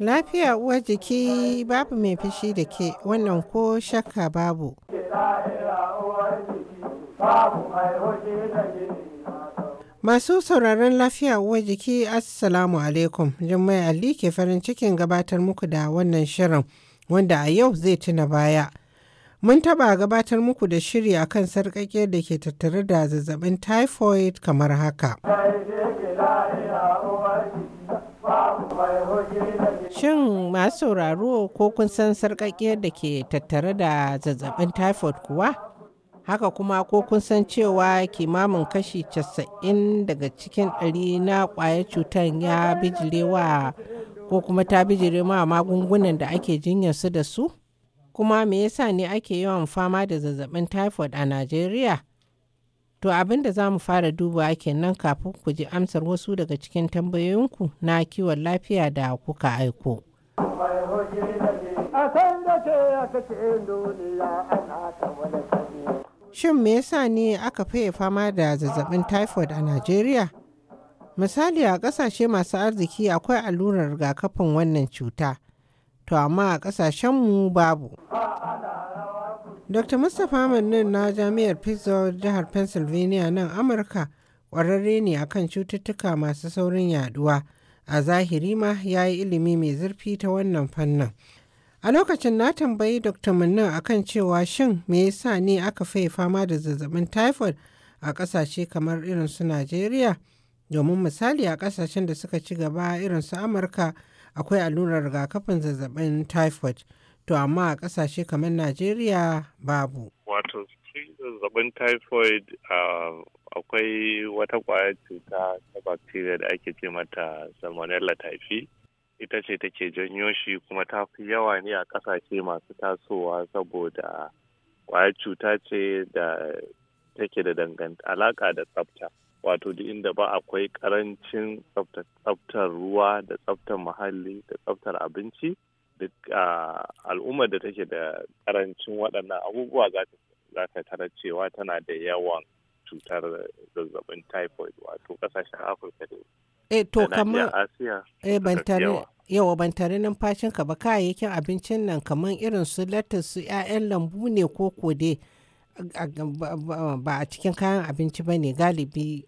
Lafiya uwar jiki babu mai fushi da ke wannan ko shakka babu. Masu sauraron lafiya uwar jiki Assalamu alaikum, Jummai Ali ke farin cikin gabatar muku da wannan shirin wanda a yau zai tuna baya. Mun taba gabatar muku da shiri a kan sarƙaƙiyar da ke tattare da zazzabin typhoid kamar haka. Shin masu sauraro ko kun san sarƙaƙiyar da ke tattare da zazzabin typhoid kuwa? Haka kuma ko kun san cewa kimamin kashi 90 daga cikin ɗari na ƙwayar cutar ya bijirewa ko kuma ta bijire ma magungunan da ake jinyar su da su? kuma me yasa ne ake yawan fama da zazzabin typhoid a Najeriya? To abin da za mu fara dubawa kenan kafin ku ji amsar wasu daga cikin tambayoyinku na kiwon lafiya da kuka aiko. Shin me yasa ne aka faye fama da zazzabin typhoid a Najeriya? Misali a ƙasashe masu arziki akwai allurar rigakafin wannan cuta. to amma a ƙasashenmu babu dr mustapha mannin na jami'ar pittsburgh jihar pennsylvania nan amurka ƙwararre ne a kan cututtuka masu saurin yaduwa a zahiri ma ya yi ilimi mai zurfi ta wannan fannin a lokacin na tambayi dr mannin akan cewa shin me yasa ne aka fai fama da zazzabin typhoid a ƙasashe kamar irin su najeriya domin misali a ƙasashen da suka ci gaba irin su amurka akwai allurar rigakafin zazzabin typhoid to amma a ƙasashe kamar najeriya babu wato zazzabin typhoid ah, akwai wata ƙwayar cuta ta bacteria da ake ce mata salmonella typhi ita ce take janyo shi kuma ta fi yawa ne a ƙasashe masu tasowa saboda ƙwayar cuta ce da take da danganta alaƙa da tsafta wato da inda ba akwai karancin tsaftar ruwa da tsaftar muhalli da tsaftar abinci duk al'ummar da take da karancin waɗannan abubuwa za ka tara cewa tana da yawan cutar zazzabin typhoid wato ƙasashen afirka da e to asiya e ban tare yawa ban tare numfashinka ba kayayyakin abincin nan kamar irin su latas su 'ya'yan lambu ne ko kode ba a cikin kayan abinci ba ne galibi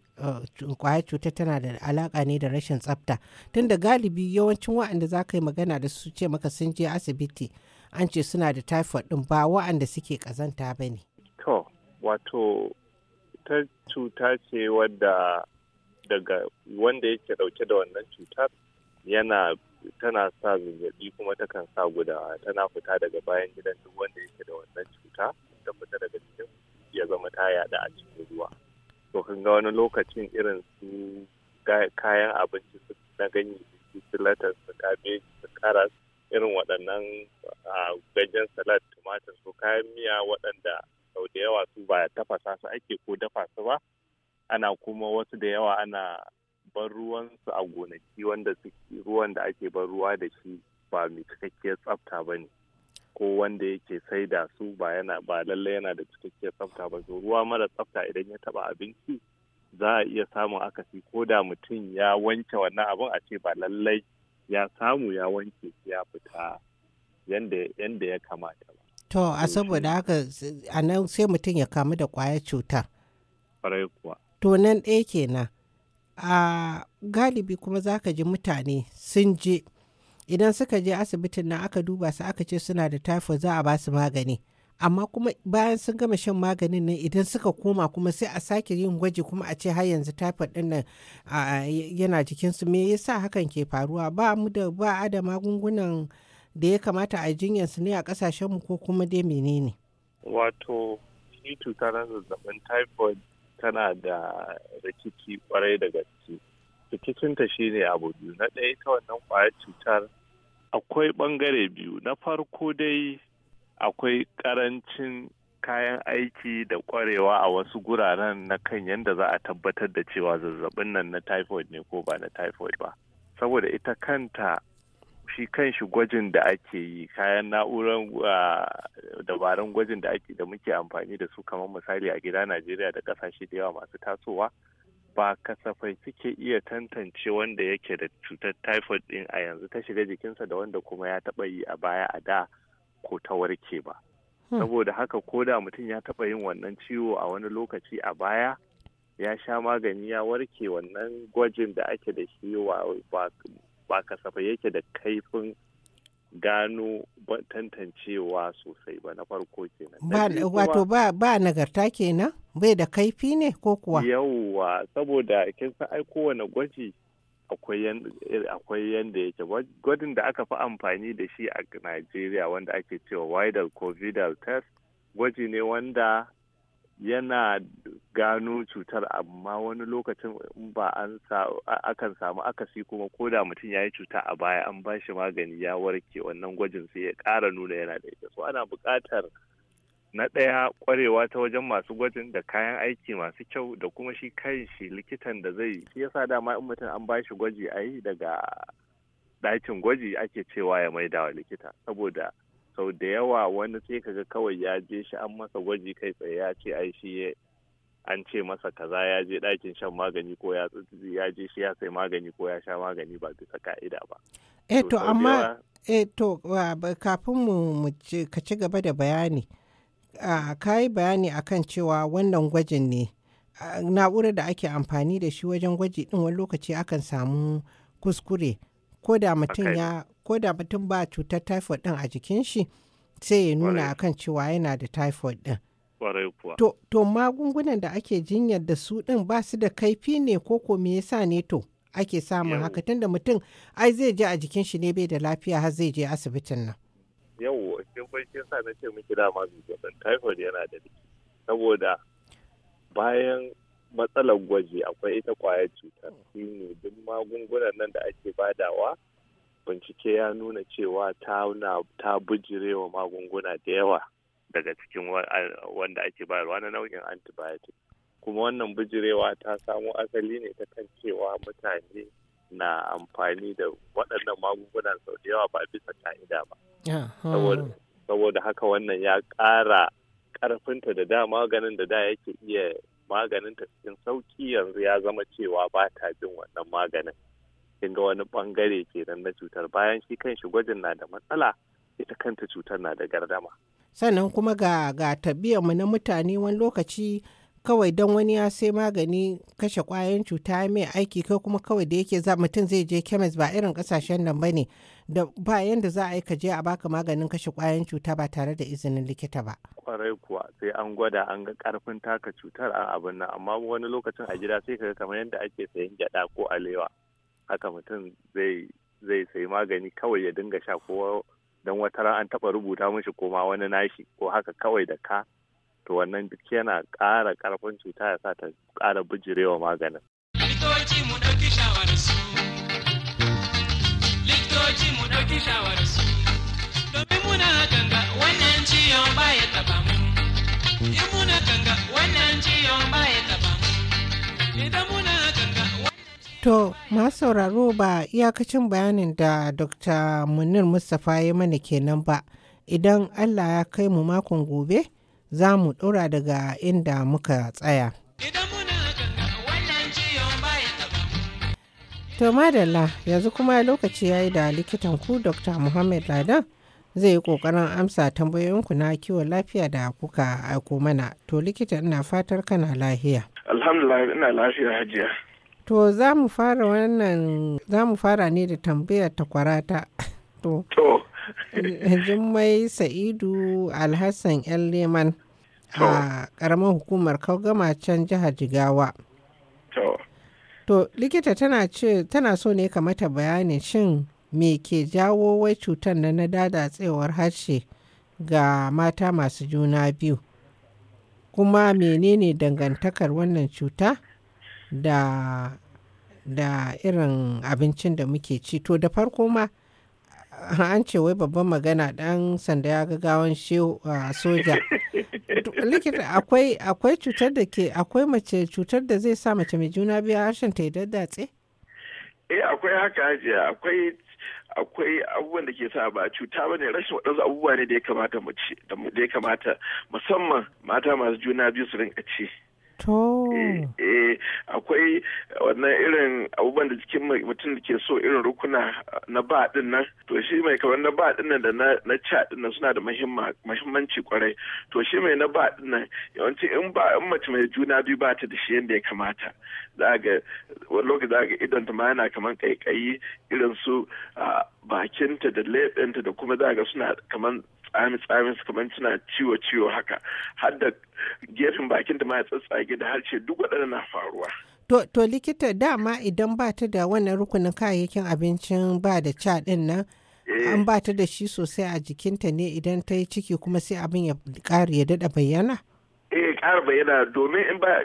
kwaya cuta tana da alaka ne da rashin tsafta tunda galibi yawancin wa'anda za ka yi magana da su ce maka sun je asibiti an ce suna da typhoid ɗin ba wa'anda suke kazanta ba ne. To, wato ta cuta ce wadda daga wanda yake dauke da wannan cutar yana tana sa zazzabi kuma takan sa gudawa tana fita daga bayan gidan duk wanda yake da wannan cuta ta fita daga cikin ya zama ta yada a cikin ruwa. to kan ga wani lokacin irin su kayan abinci su na ganye su latas su kabeji su karas irin waɗannan gajen salad tumatir su kayan miya waɗanda sau da yawa su ba tafasa su ake ko dafa su ba ana kuma wasu da yawa ana ban ruwan su a gonaki wanda ruwan da ake ban ruwa da shi ba mai cikakkiyar tsafta ba ne ko wanda yake sai da su ba yana ba lalle yana da cikakkiyar tsafta ba ruwa mara tsafta idan ya taba abinci za a iya samun akasi ko da mutum ya wanke wannan abin a ce ba lallai ya samu ya wanke ya fita yanda ya kamata ba. To a saboda haka a nan sai mutum ya kamu da kwayar cuta. Kwarai kuwa. To nan ɗaya kenan. A galibi kuma zaka ji mutane sun je idan suka je asibitin nan aka duba su aka ce suna da typhoid za a ba su magani amma kuma bayan sun gama shan maganin nan idan suka koma kuma sai a sake yin gwaji kuma a ce har yanzu typhoid din nan yana jikinsu me yasa hakan ke faruwa ba mu da ba a da magungunan da ya kamata a jinyar su ne a kasashen mu ko kuma dai menene wato shi cutar zazzabin typhoid tana da rikici kwarai da gaske cikinta shine abu biyu na ɗaya ta wannan ƙwayar cutar akwai ɓangare biyu na farko dai akwai ƙarancin kayan aiki da ƙwarewa a wasu guraren na kan yadda za a tabbatar da cewa zazzabin nan na typhoid ne ko ba na typhoid ba saboda ita kanta shi kan shi gwajin da ake yi kayan na'urar ah, dabarun gwajin da ake da muke amfani da su kamar misali a gida najeriya da kasashe da yawa masu tasowa ba kasafai suke iya tantance wanda yake da cutar typhoid din a yanzu ta shiga jikinsa da wanda kuma ya taba yi a baya a da ko ta warke ba. Hmm. Saboda haka ko da mutum ya taba yin wannan ciwo a wani lokaci a baya ya sha magani ya warke wannan gwajin da ake da shi ba kasafai yake da kaifin gano tantancewa sosai ba na farko kenan. Wato ba, a nagarta kenan? Bai da kaifi ne ko kuwa? Yawwa saboda kin san ai kowane gwaji akwai yanda yake gwajin da aka fi amfani da shi a Najeriya wanda ake cewa wider covidal test gwaji ne wanda yana gano cutar amma wani lokacin ba an akan samu akasi kuma ko da mutum ya yi cuta a baya an ba shi magani ya warke wannan gwajin sai ya ƙara nuna yana da ita so ana buƙatar na ɗaya ƙwarewa ta wajen masu gwajin da kayan aiki masu kyau da kuma shi kan shi likitan da zai shi yasa dama in mutum an ba shi gwaji a yi daga ɗakin gwaji ake cewa ya maida wa likita saboda sau da yawa wani sai kaga kawai ya je shi an masa gwaji kai tsaye ya ce ai shi an ce masa kaza ya je ɗakin shan magani ko ya ya je shi ya sai magani ko ya sha magani ba bisa ka'ida ba eh to amma eh to kafin mu ka ci gaba da bayani ka yi bayani akan cewa wannan gwajin ne na'urar da ake amfani da shi wajen gwaji din wani lokaci akan samu kuskure ko da mutum ya ko da mutum ba cutar typhoid din a jikin shi sai ya nuna akan cewa yana da typhoid din to, to magungunan da ake jinyar da su din ba su da kaifi ne ko ko me yasa ne to ake samun haka tun da mutum ai zai je a jikin shi ne bai da lafiya har zai je asibitin nan yau kin bai kin sa na ce miki dama zazzabin typhoid yana da liki saboda bayan matsalar gwaji akwai ita kwayar cutar shine duk magungunan nan da ake badawa bincike ya nuna cewa ta bijirewa magunguna da yawa daga cikin wanda ake bayarwa na nau'in antibiotic kuma wannan bijirewa ta samo asali ne ta kan cewa mutane na amfani da waɗannan magungunan sau da yawa ba bisa ka'ida ba ah, ah. saboda haka wannan ya ƙara ƙarfinta da da maganin da da yake iya maganin ta cikin sauƙi yanzu ya zama cewa ba ta jin wannan maganin kin ga wani bangare kenan na cutar bayan shi kanshi gwajin na da matsala ita kanta cutar na da gardama sannan kuma ga ga mu na mutane wani lokaci kawai don wani ya sai magani kashe kwayan cuta mai aiki kai kuma kawai da yake za mutum zai je kemis ba irin kasashen nan bane da ba yanda za a yi ka je a baka maganin kashe kwayan cuta ba tare da izinin likita ba kwarai kuwa sai an gwada an ga karfin taka cutar a abin nan amma wani lokacin a gida sai ka kamar yadda ake sayan gyada ko alewa haka mutum zai zai sayi magani kawai ya dinga sha ko don wata ran an taɓa rubuta mishi ko ma wani nashi ko haka kawai da ka to wannan duk yana ƙara ƙarfin cuta ya sa ta ƙara bijirewa maganin. Likitoci mu ɗauki shawararsu. Likitoci mu ɗauki shawararsu. To, masu sauraro ba iyakacin bayanin da Dr. Munir Mustapha ya mana kenan ba, idan Allah ya kai mu makon gobe za mu ɗora daga inda muka tsaya. To madalla yanzu kuma lokaci ya yi da likitan ku Dr. Muhammad Ladan zai yi ƙoƙarin amsa tambayoyinku na kiwon lafiya da kuka aiko mana. To likita ina fatar kana lahiya. Alhamdulillah ina lafiya hajiya. To za mu fara wannan za mu fara ne da tambayar takwarata. To. To. Jummai Sa'idu Alhassan ‘yan Leman a ƙaramin hukumar Kaugama can jihar Jigawa. To. To likita tana ce tana so ne ka mata bayanin shin me ke jawo wai cutar na na dadatsewar harshe ga mata masu juna biyu. Kuma menene dangantakar wannan cuta da da irin abincin da muke ci to da farko ma an ce wai babban magana dan sanda ya ga gawan soja likita akwai akwai cutar da ke akwai mace cutar da zai sa mace mai juna biyu harshen ta daddatse eh akwai haka ji akwai akwai abubuwan da ke sa ba cuta ba ne rashin waɗansu abubuwa ne da ya kamata mace da ya kamata musamman mata masu juna biyu su rinka ci To. Eh, eh, akwai wannan irin abubuwan da jikin mutum da ke so irin rukuna na ba din nan. To shi mai kamar na ba din nan da na ca din nan suna da mahimmanci kwarai. To shi mai na ba din nan yawanci in ba in mace mai juna biyu ba ta da shi yadda ya kamata. Za ga wani lokaci za ga ta ma yana kamar kaikayi irin su ah, bakinta da leɓenta da kuma za ga suna kamar tsamin tsamin su kamar suna ciwo ciwo haka har da gefen bakin da ma ya tsatsage da harshe duk waɗanda na faruwa. To, likita dama idan ba ta da wannan rukunin kayayyakin abincin ba da ca din nan eh. an ba ta da shi sosai a jikinta ne idan ta yi ciki kuma sai abin ya ƙara ya daɗa bayyana? eh ƙara bayyana domin in ba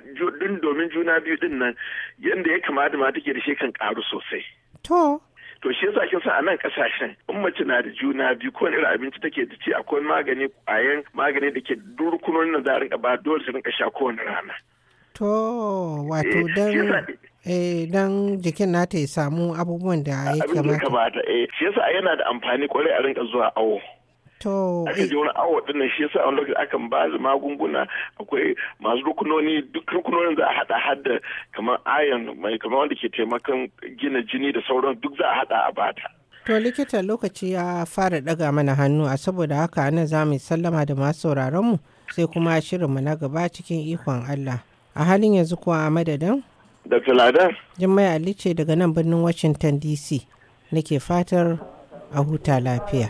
domin juna biyu din nan yadda ya kamata ma take da shi kan ƙaru sosai. To. to shi yasa kin sa a nan kasashen in mace na da juna biyu ko irin abinci take da ci akwai magani kwayan magani da ke durkunonin da za a rinka ba dole su rinka sha kowane rana to wato dan eh dan eh, jikin nata ya samu abubuwan da ya kamata eh shi yasa yana da amfani kwarai a rinka zuwa awo To aka ji eh, wani awa din shi yasa wani lokaci akan ba da magunguna akwai masu rukunoni duk rukunonin za a haɗa hada kamar ayon mai kamar wanda ke taimakon gina jini da sauran duk za a hada a bata. To likita lokaci ya fara ɗaga mana hannu a saboda haka ana za mu sallama da masu sauraron mu sai kuma shirin mu na gaba cikin ikon Allah. A halin yanzu kuwa a madadin? Dr. Ladan. Jummai Ali ce daga nan birnin Washington DC. Nake fatar a huta lafiya.